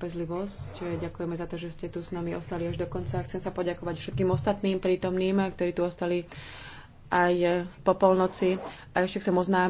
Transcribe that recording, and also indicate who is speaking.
Speaker 1: trpezlivosť. Ďakujeme za to, že ste tu s nami ostali až do konca. Chcem sa poďakovať všetkým ostatným prítomným, ktorí tu ostali aj po polnoci. A ešte chcem oznámiť,